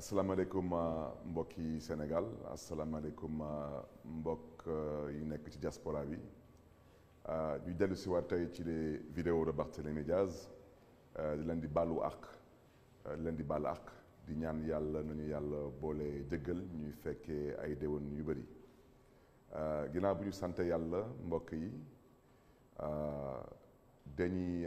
Assalamu alaikum euh, Mboki Sénégal assalamu euh, mbok euh, yi nek ci diaspora bi ñu dellu si waat ci les vidéos de Barthélémy Diaz di lendi balu lundi bal di leen di di ñaan yalla nañu yalla bolé jëggal ñuy féké ay déwon yu bari euh ginaa buñu santé yalla mbok yi dañuy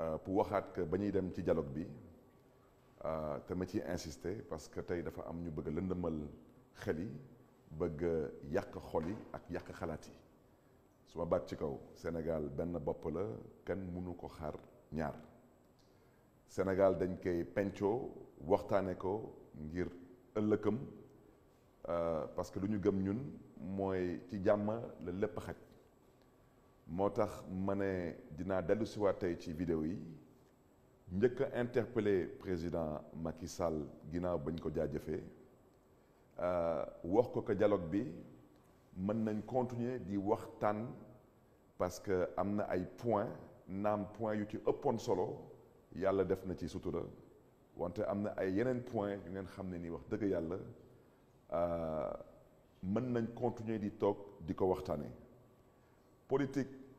Euh, pour waxaat que ba ñuy dem ci dialogue bi euh, te ma ci insisté parce que tey dafa am ñu bëgg lëndëmal xel bëgg yàq xol yi ak yàq xalaat yi su ma baat ci kaw Sénégal benn bopp la kenn mënu ko xar ñaar Sénégal dañ koy pencoo waxtaane ko ngir ëllëkam euh, parce que lu ñu gëm ñun mooy ci jàmm la lépp xaj motax mané dina ne dinaa dellu siwaat ci vidéo yi ñëk interpeller président Macky Sall ginnaaw bañ ko euh wax ko que dialogue bi mën nañ continuer di waxtaan parce que amna ay points nam point yu ci ëppoon solo yalla def na ci sutura wante amna ay yenen points yu ngeen xamné ni wax dëgg yalla euh mën nañ continuer di tok di ko waxtané politique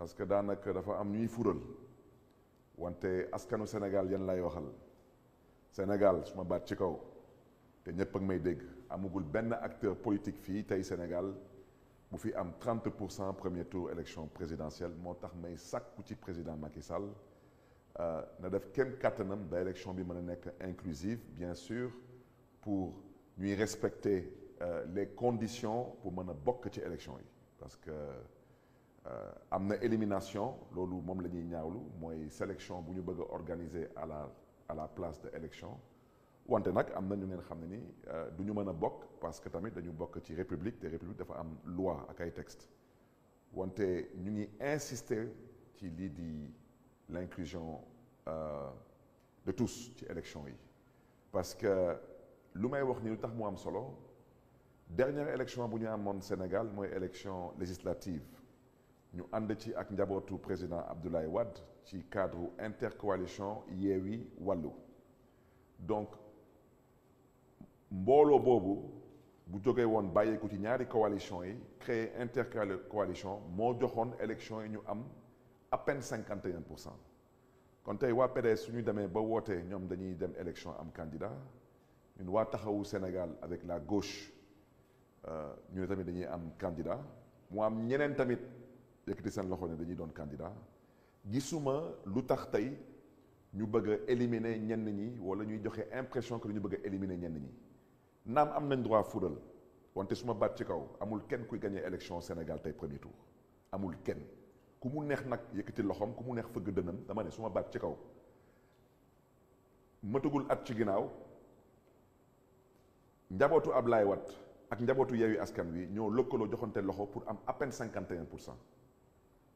parce que daanaka dafa am ñuy fural wante askanu Sénégal yan lay waxal Sénégal suma baat ci kaw te ñëpp ak may dégg amagul benn acteur politique fii tey Sénégal bu fi am 30 pour premier tour élection présidentielle moo tax may sakku ci président Macky Sall euh, na def kenn kàttanam ba élection bi mën a nekk inclusive bien sûr pour ñuy respecter euh, les conditions pour mën a bokk ci élection yi parce que euh, am élimination loolu mom lañuy ñaawlu moy sélection buñu bëgg organiser à la à la place de élection wanté nak amna ñu ngeen xamné ni euh, du ñu parce que tamit dañu bok ci république té république dafa am loi ak ay texte wanté ñu ngi insister ci li di l'inclusion euh, de tous ci élection yi parce que lu may wax ni tax mu am solo dernière élection buñu ñu Sénégal moy élection législative ñu and ci ak président Abdoulaye ci cadre intercoalition Yéwi Wallu donc mbooloo boobu bu ci ñaari coalition yi intercoalition moo joxoon élection yi ñu à peine 51% PDS ba candidat Sénégal avec la gauche euh, candidat yëkkati seen loxo ne dañuy candidat gisuma ñu bëgg éliminer ñenn ñi wala ñuy joxe impression que ñu bëgg éliminer ñenn ñi naam am nañ droit fural wante suma ci kaw amul kuy gagné élection Sénégal tey premier tour amul kenn ku neex nag yëkkati loxom ku mu neex dama ne ci kaw ci Ablaye ak Askan Wi ñoo loxo pour am à peine 51%.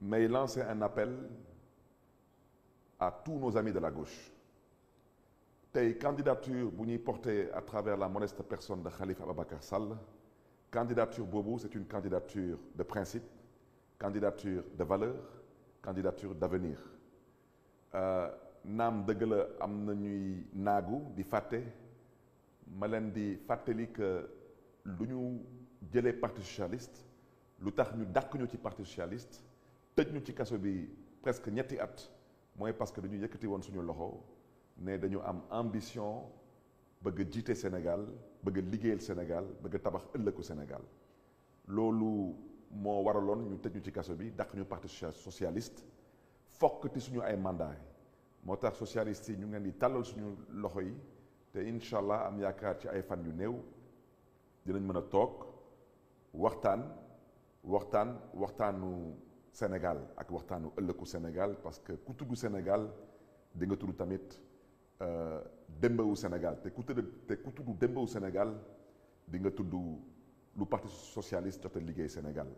mais il lance un appel à tous nos amis de la gauche Tes candidature vous ñuy portez à travers la modeste personne de Khalifa Ababakar Sall candidature Bobo, c'est une candidature de principe candidature de valeur candidature d'avenir euh, Nam degle la am ñuy di fate, malandi di que lu ñu parti socialiste ñu parti socialiste tëj ñu ci kasso bi presque ñetti at moy parce que dañu yëkkati won suñu loxo né dañu am ambition bëgg a Sénégal bëgg a liggéeyal Sénégal bëgg tabax ëllëgu Sénégal loolu moo waraloon ñu tëj ñu ci kasso bi dàq ñu parti socialiste fokk ti suñu ay mandat moo tax socialiste yi ñu ngeen di tàllal suñu loxo yi te inshallah am yaakaar ci ay fan yu néew dinañ mën a toog waxtaan waxtaan waxtaanu. Sénégal ak waxtaanu ëllëgu Sénégal parce que ku tudd Sénégal di nga tudd tamit euh, au Sénégal te ku tudd te ku Sénégal di nga tudd lu parti socialiste jot ligue Sénégal